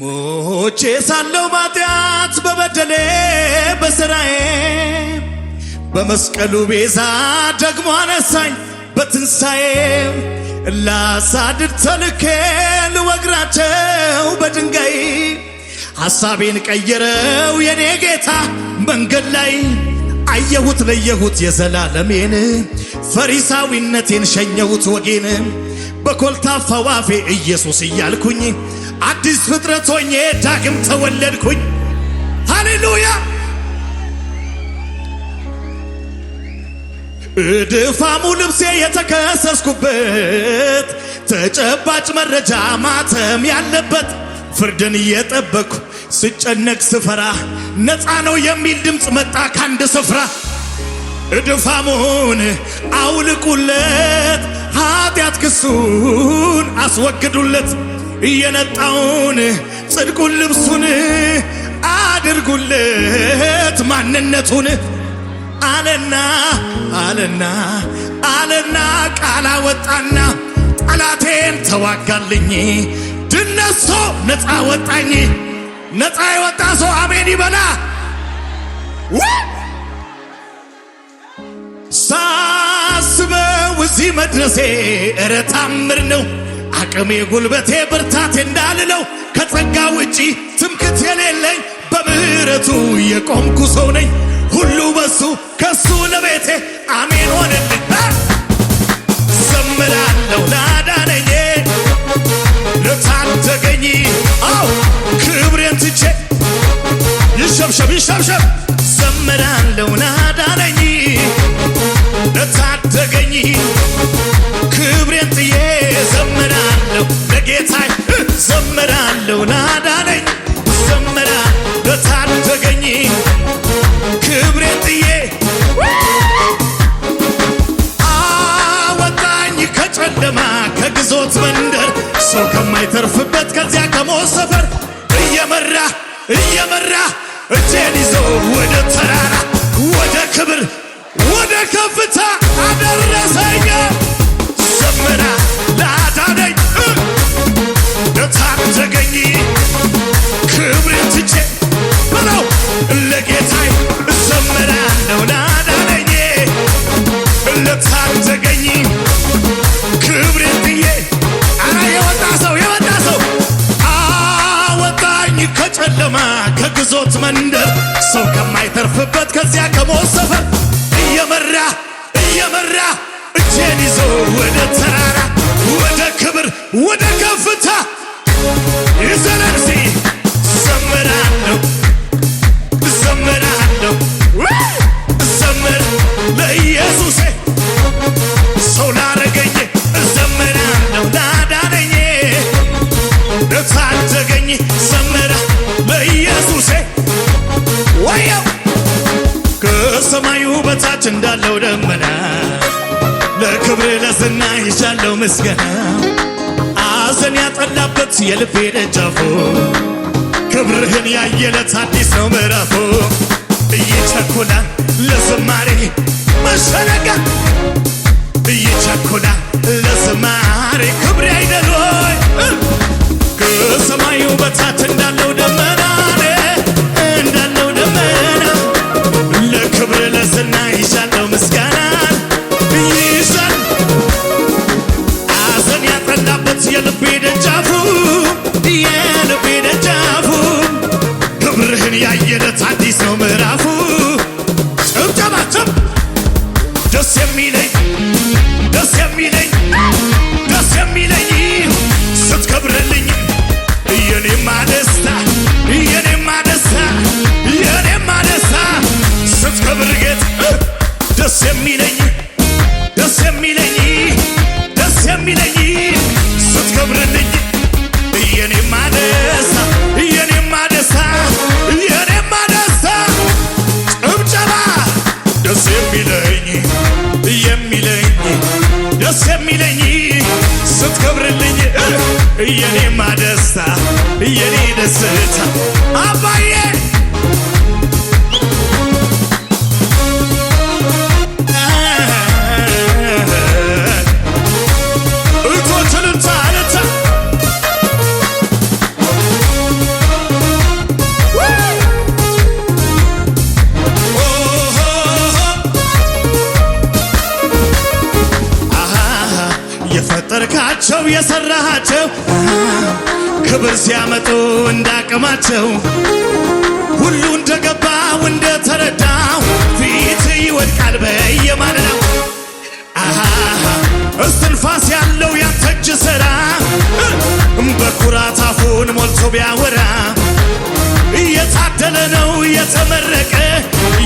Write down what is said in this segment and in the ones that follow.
ሞቼ ሳለው ባጢአት በበደሌ በስራዬ በመስቀሉ ቤዛ ደግሞ አነሳኝ በትንሣኤ ላሳድድ ተልኬ ልወግራቸው በድንጋይ ሐሳቤን ቀየረው የኔ ጌታ መንገድ ላይ አየሁት ለየሁት የዘላለሜን ፈሪሳዊነቴን ሸኘሁት ወጌን በኮልታፋ አፌ ኢየሱስ እያልኩኝ አዲስ ፍጥረት ሆኜ ዳግም ተወለድኩኝ። ሃሌሉያ እድፋሙ ልብሴ የተከሰስኩበት ተጨባጭ መረጃ ማተም ያለበት ፍርድን እየጠበቅኩ ስጨነቅ ስፈራ ነፃ ነው የሚል ድምፅ መጣ ከአንድ ስፍራ። እድፋሙን አውልቁለት፣ ኃጢአት ክሱን አስወግዱለት። እየነጣውን ጽድቁን ልብሱን አድርጉለት ማንነቱን አለና አለና አለና ቃላ ወጣና ጠላቴን ተዋጋልኝ ድነሶ ነፃ ወጣኝ። ነፃ የወጣ ሰው አሜን ይበላ። ሳስበው እዚህ መድረሴ እረ ታምር ነው። አቅሜ ጉልበቴ ብርታቴ እንዳልለው ከጸጋ ውጪ ትምክት የሌለኝ በምህረቱ የቆምኩ ሰው ነኝ። ሁሉ በሱ ከሱ ለቤቴ አሜን ሆነልኝ። ዘምራለሁ ላዳነኝ ለታደገኝ አው ክብሬን ትቼ ይሸብሸብ ይሸብሸብ ዘምራለሁ ጌታይ ዘምራለሁ ላዳነኝ ዘምራ ለታሉ ተገኝ ክብሬን ጥዬ አወጣኝ ከጨለማ ከግዞት መንደር ሰው ከማይተርፍበት ከዚያ ከሞት ሰፈር እየመራ እየመራ እጄን ይዞ ወደ ተራራ ወደ ክብር ወደ ከፍታ አደረሰኝ ዘምራ አትዘገኝ ክብርን ትቼ በለው ለጌታይ እዘምራለሁ ላዳነኝ ለታ አትዘገኝ ክብርን ብዬ አረ የወጣ ሰው የወጣ ሰው አወጣኝ ከጨለማ ከግዞት መንደር ሰው ከማይተርፍበት ከዚያ ከሞት ሰፈር እየመራ እየመራ እጄን ይዞ ወደ ተራራ ወደ ክብር ወደ ምስጋና አዘን ያጠላበት የልቤ ደጃፎ ክብርህን ያየለት አዲስ ነው ምዕራፎ እየቸኮላ ለዝማሬ መሸነቀ እየቸኮላ ለዝማሬ ክብር አይደሎይ ከሰማዩ በታች እንዳለው ደመና እንዳለው ደመና ለክብር ለዝና ይሻለው ምስጋና ደስ የሚለኝ ስትከብርልኝ የኔማ ደስታ የኔ ደስታ አባዬ ናቸው የሰራሃቸው ክብር ሲያመጡ እንዳቅማቸው ሁሉ እንደገባው እንደተረዳው ፊት ይወድቃል ነው እስትንፋስ ያለው ያንተ እጅ ሥራ በኩራት አፉን ሞልቶ ቢያወራ እየታደለ ነው የተመረቀ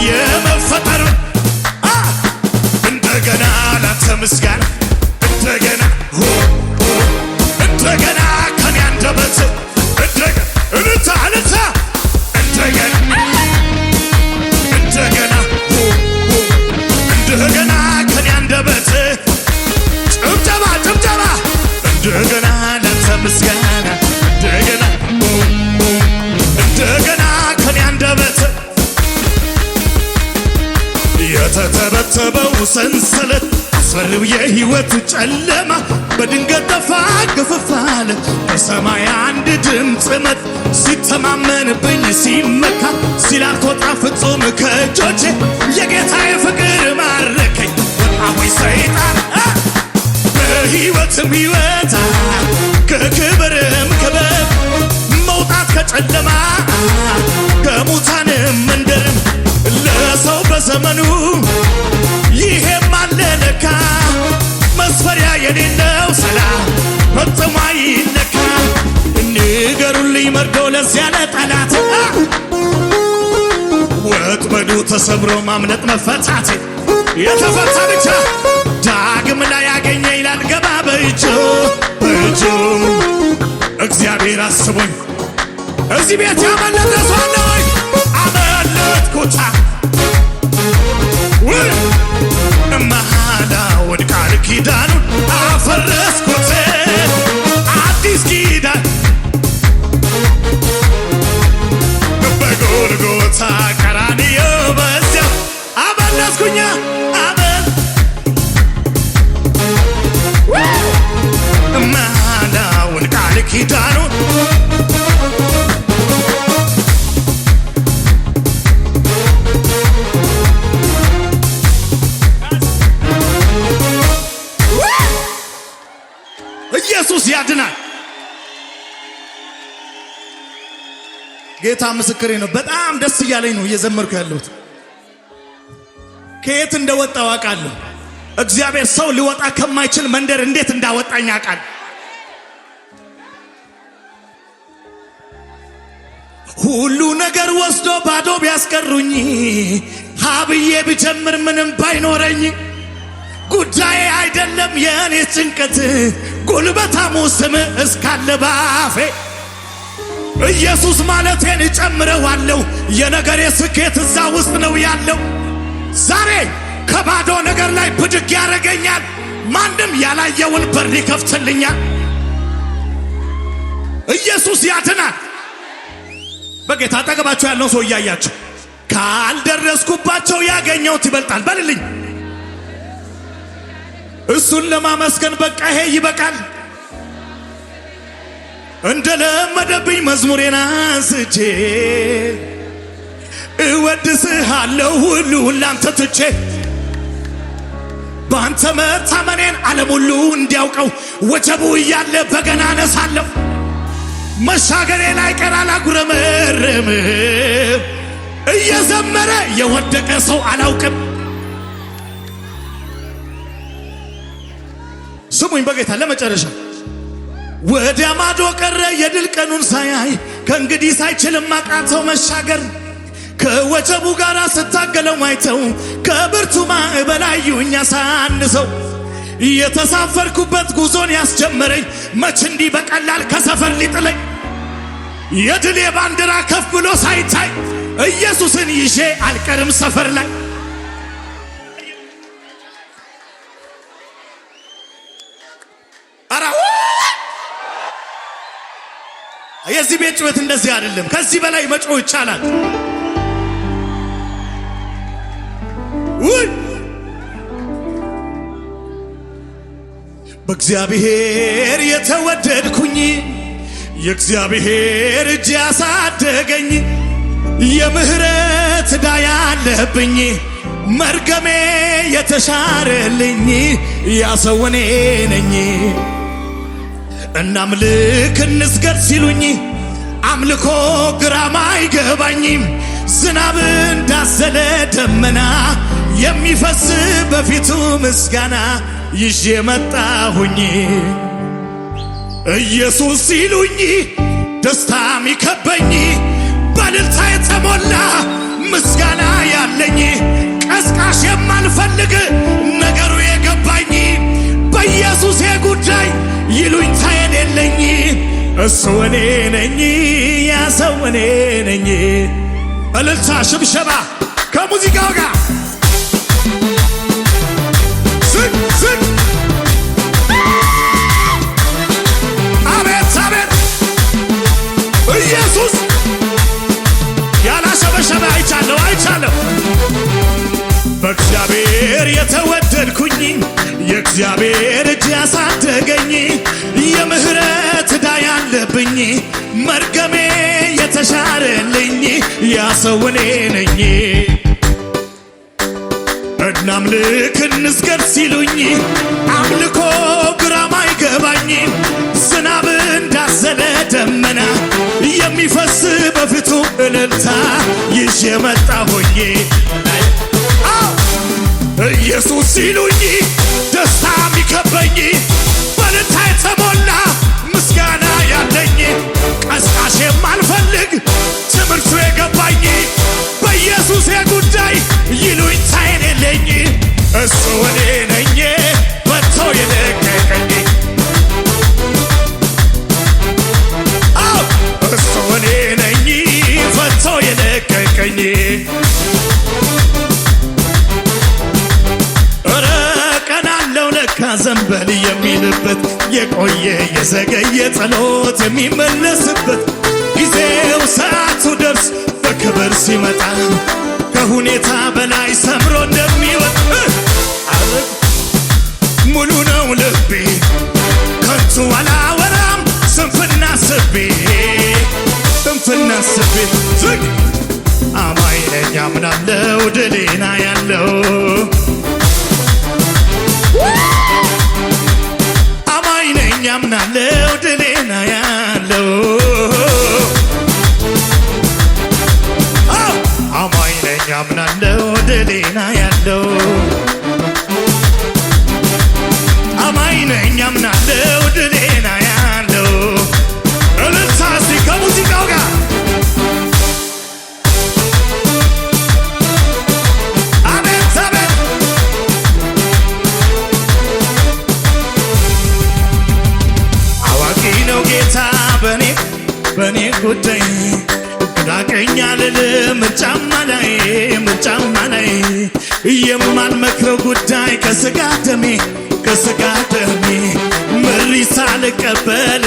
የመፈጠር እንደገና ላንተ ምስጋና እንደገና ሰንሰለት አስፈሪው የህይወት ጨለማ በድንገት ጠፋ ግፍፋለ በሰማይ አንድ ድምፅ መት ሲተማመንብኝ ሲመካ ሲላቶጣ ፍጹም ከእጆቼ የጌታ የፍቅር ማረከኝ ወጣዊ ሰይጣን በህይወትም ህይወት ከክብርም ክብር መውጣት ከጨለማ ከሙታንም መንደርም ሰው በዘመኑ ይሄም አለ መስፈሪያ የሌለው ሰላም ፈጽሞ አይነካ። ንገሩልኝ መርዶ ለዚያ ለጠላት ወጥመዱ ተሰብሮ ማምለጥ መፈታት የተፈታ ብቻ ዳግም ላይ ያገኘ ይላል ገባ በእጁ በእጁ እግዚአብሔር አስቦኝ እዚህ ቤት ያመለጠ ሰው አመለጥኩታ ጌታ ምስክሬ ነው። በጣም ደስ እያለኝ ነው እየዘመርኩ ያለሁት። ከየት እንደወጣው አውቃለሁ። እግዚአብሔር ሰው ሊወጣ ከማይችል መንደር እንዴት እንዳወጣኝ አውቃለሁ። ሁሉ ነገር ወስዶ ባዶ ቢያስቀሩኝ ሀብዬ ቢጀምር ምንም ባይኖረኝ ጉዳይ አይደለም የእኔ ጭንቀት ጉልበታሙ ስም እስካለ ባፌ ኢየሱስ ማለቴን እጨምረዋለሁ። የነገሬ ስኬት እዛ ውስጥ ነው ያለው። ዛሬ ከባዶ ነገር ላይ ብድግ ያደረገኛል። ማንም ያላየውን በር ይከፍትልኛል። ኢየሱስ ያድናል። በጌታ አጠገባቸው ያለው ሰው እያያቸው ካልደረስኩባቸው ያገኘሁት ይበልጣል በልልኝ። እሱን ለማመስገን በቃ ይሄ ይበቃል። እንደ ለመደብኝ መዝሙሬን አንስቼ እወድስሃለሁ ሁሉ ላንተ ትቼ በአንተ መታመኔን ዓለም ሁሉ እንዲያውቀው ወጀቡ እያለ በገና አነሳለሁ። መሻገሬ ላይ ቀር አላጉረመርምም። እየዘመረ የወደቀ ሰው አላውቅም። ስሙኝ በጌታ ለመጨረሻ ወደ ማዶ ቀረ የድል ቀኑን ሳያይ ከእንግዲህ ሳይችልም አቃተው መሻገር ከወጀቡ ጋር ስታገለው ማይተው ከብርቱ ማዕበል አዩኝ የተሳፈርኩበት ጉዞን ያስጀመረኝ መች እንዲህ በቀላል ከሰፈር ሊጥለኝ የድሌ ባንዲራ ከፍ ብሎ ሳይታይ ኢየሱስን ይዤ አልቀርም ሰፈር ላይ የዚህ ቤት ጩኸት እንደዚህ አይደለም። ከዚህ በላይ መጮ ይቻላል። ውይ በእግዚአብሔር የተወደድኩኝ የእግዚአብሔር እጅ ያሳደገኝ የምህረት ዕዳ ያለብኝ መርገሜ የተሻረልኝ ያሰወኔ ነኝ እናምልክ እንስገድ ሲሉኝ አምልኮ ግራም አይገባኝም። ዝናብ እንዳዘለ ደመና የሚፈስ በፊቱ ምስጋና ይዤ መጣሁኝ። ኢየሱስ ሲሉኝ ደስታ ሚከበኝ በልልታ የተሞላ ምስጋና ያለኝ ቀስቃሽ የማልፈልግ ይሉኝታ የሌለኝ እሱ እኔ ነኝ፣ ያ ሰው እኔ ነኝ። እልልታ ሽብሸባ ከሙዚቃው ጋር አቤት አቤት ኢየሱስ ያላሸበሸበ አይቻለሁ አይቻለሁ በእግዚአብሔር የተወደድኩኝ የእግዚአብሔር እጅ ያሳደገኝ የምህረት ዕዳ ያለብኝ መርገሜ የተሻረልኝ ያሰውኔ ነኝ። እናም ልክ እንስገድ ሲሉኝ አምልኮ ግራም አይገባኝ ዝናብ እንዳዘለ ደመና የሚፈስ በፊቱ እልልታ ይዤ መጣ ሆዬ ኢየሱስ ሲሉኝ ደስታ ሚከበኝ በልታ የተሞላ ምስጋና ያለኝ ቀስቃሽ የማልፈልግ ትምህርቱ የገባኝ በኢየሱስ ጉዳይ ይሉኝታ የሌለኝ እሱ እኔ የቆየ የዘገየ ጸሎት የሚመለስበት ጊዜው ሰዓቱ ደርስ በክብር ሲመጣ ከሁኔታ በላይ ሲጎዳኝ ራቀኝ አልልም ላይ ምርጫማ ላይ የማልመክረው ጉዳይ ከስጋ ደሜ ከስጋ ደሜ ምሪ ሳልቀበል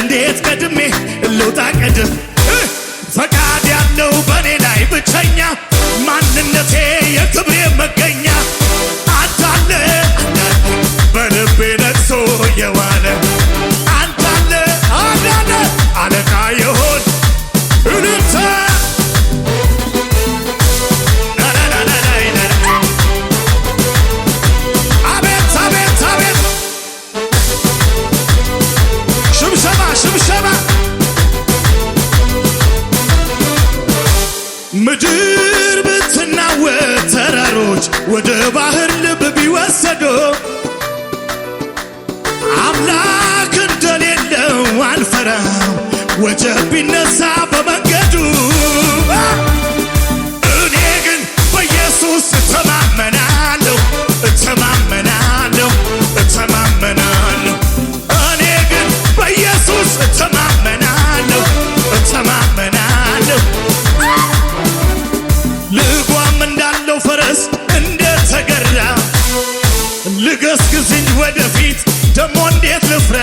ደሞ እንዴት ልፍራ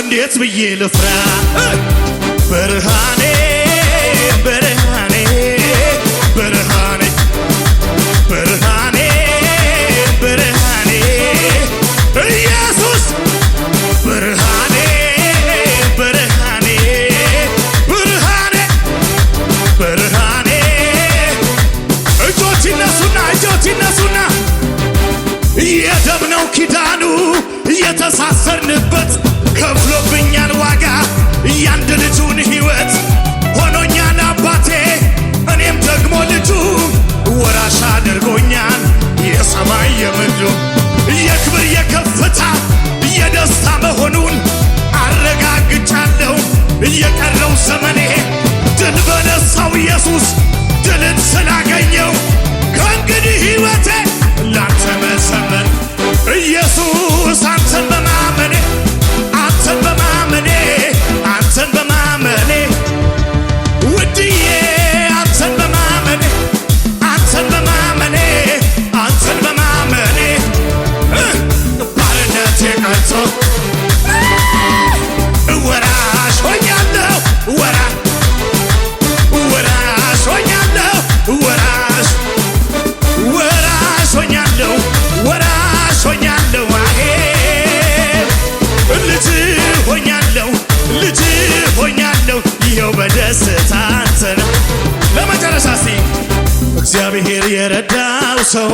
እንዴት ብዬ ልፍራ ብርሃኔ ኢየሱስ እግዚአብሔር የረዳው ሰው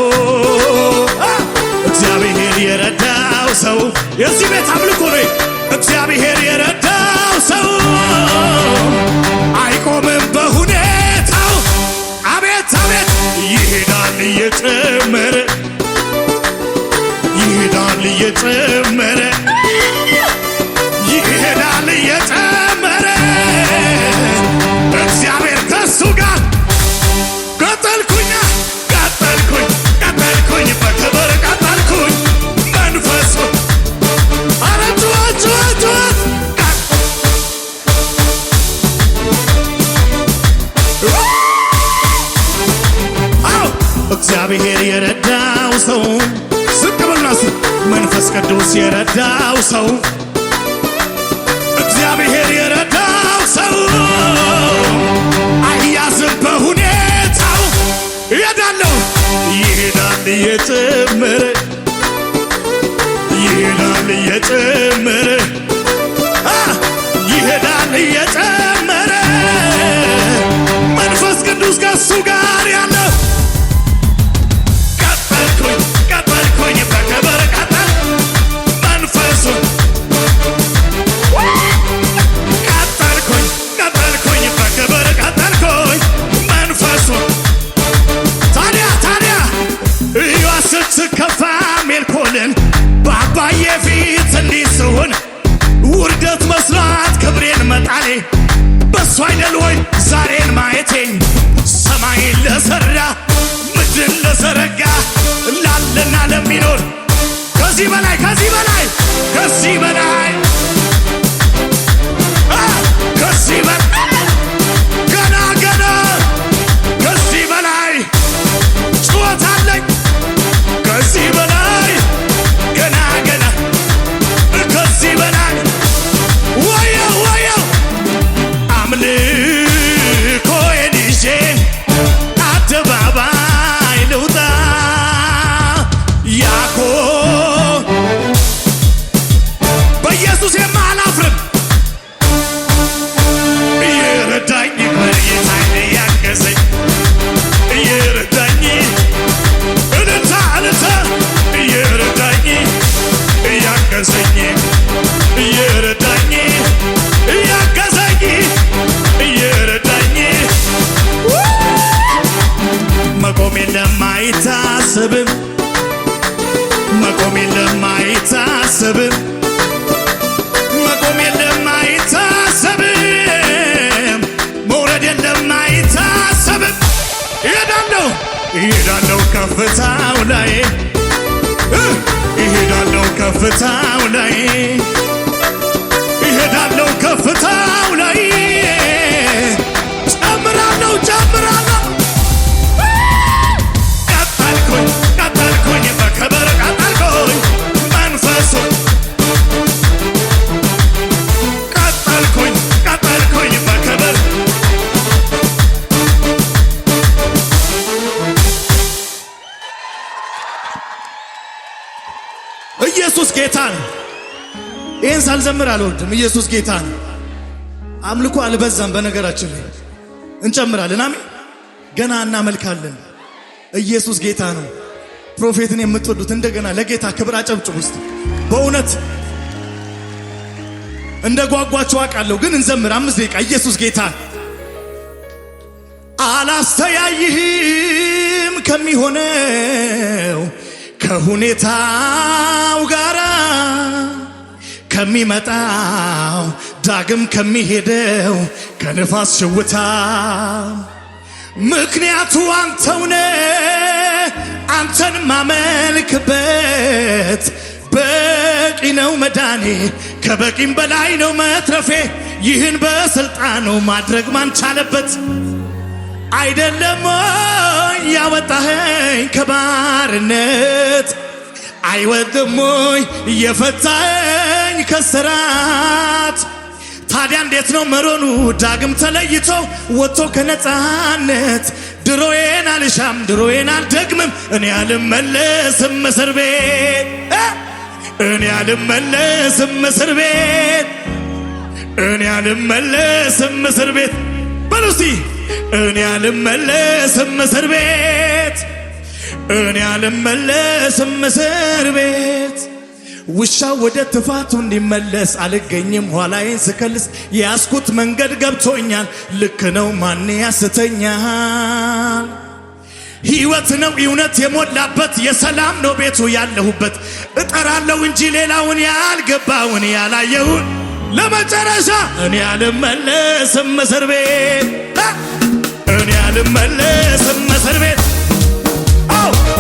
እግዚአብሔር የረዳው ሰው የዚህ ቤት አምልኮ ነው። እግዚአብሔር የረዳው ሰው አይቆምም በሁኔታው። አቤት አቤት ይሄዳል እየጨመረ ይሄዳል እየጨመረ እግዚአብሔር የረዳው ሰው ዝቅ ብላስ መንፈስ ቅዱስ የረዳው ሰው እግዚአብሔር የረዳው ሰው አያዝም በሁኔታው ይሄዳለሁ ይሄዳል እየጨመረ ይሄዳል እየጨመረ ይሄዳል እየጨመረ መንፈስ ቅዱስ ከሱ ይሄዳለው ከፍታው ላይ ይሄዳለው ከፍታው ላይ ይሄዳለው ከፍታው ላይ ጌታ ነው። ይህን ሳልዘምር አልወድም። ኢየሱስ ጌታ ነው። አምልኮ አልበዛም። በነገራችን ላይ እንጨምራለን። አሜን። ገና እናመልካለን። ኢየሱስ ጌታ ነው። ፕሮፌትን የምትወዱት እንደገና ለጌታ ክብር አጨብጭብ ውስጥ በእውነት እንደ ጓጓቸው አውቃለሁ፣ ግን እንዘምር። አምስት ደቂቃ ኢየሱስ ጌታ አላስተያይህም ከሚሆነው ከሁኔታው ጋራ ከሚመጣው ዳግም ከሚሄደው ከንፋስ ሽውታ ምክንያቱ አንተውነ አንተን ማመልክበት በቂ ነው መዳኔ፣ ከበቂም በላይ ነው መትረፌ። ይህን በስልጣኑ ማድረግ ማንቻለበት አይደለም ያወጣህ ከባርነት አይወድሙኝ የፈታኝ ከስራት ታዲያ እንዴት ነው መሮኑ ዳግም ተለይቶ ወጥቶ ከነፃነት ድሮዬን አልሻም ድሮዬን አልደግምም እኔ አልመለስም እስር ቤት እኔ አልመለስም እስር ቤት እኔ አልመለስም እስር ቤት በሉሲ እኔ አልመለስም እስር ቤት እኔ አልመለስም እስር ቤት ውሻ ወደ ትፋቱ እንዲመለስ አልገኝም ኋላዬን ስከልስ ያስኩት መንገድ ገብቶኛል። ልክ ነው ማን ያስተኛል? ሕይወት ነው እውነት የሞላበት የሰላም ነው ቤቱ ያለሁበት እጠራለሁ እንጂ ሌላውን ያልገባውን ያላየው ለመጨረሻ እኔ አልመለስም እስር ቤት እኔ አልመለስም እስር ቤት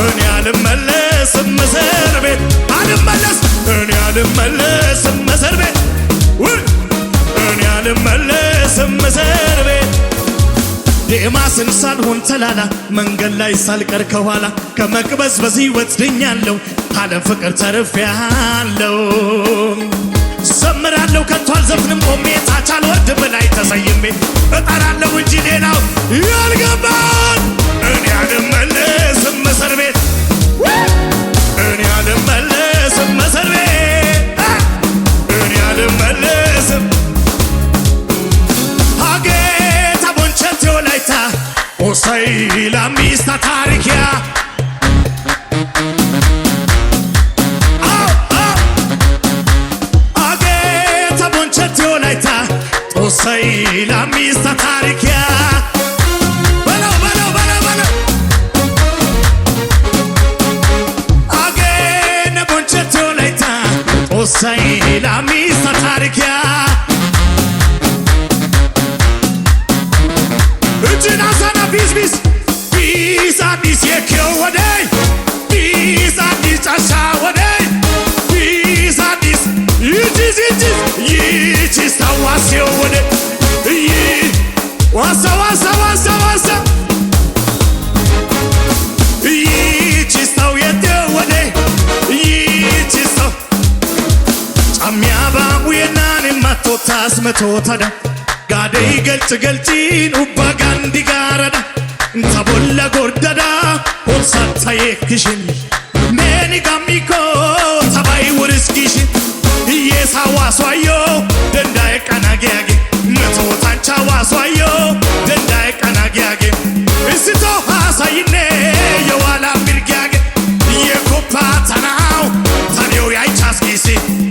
እኔ አልመለስም እስር ቤት አልመለስ እኔ አልመለስም እስር ቤት እኔ አልመለስም እስር ቤት ዴማስን ሳልሆን ተላላ መንገድ ላይ ሳልቀር ከኋላ ከመቅበዝበዝ ሕይወት ድኛለሁ ካለም ፍቅር ተርፌያለሁ። ዘምራለሁ ከቶ አልዘፍንም ቆሜ ታች አልወርድም ላይ ተሰይሜ እጠራለሁ እንጂ ሌላው ያልገባን እኔ Servet asmetootadha gaadee galchi galchiin ubbaa gaandi gaaradha tapholla gordadha olsatta yeekkishin meeni gammikoo tabayi wuriskishin hiyyeessa hawaaswayyoo danda'e qanageage metootancha hawaaswayyoo danda'e qanageage isitoo haasayinee yoo alaam mirgiage hiyyee kophaa tanaaw taniyoo yaayichaas kiisee.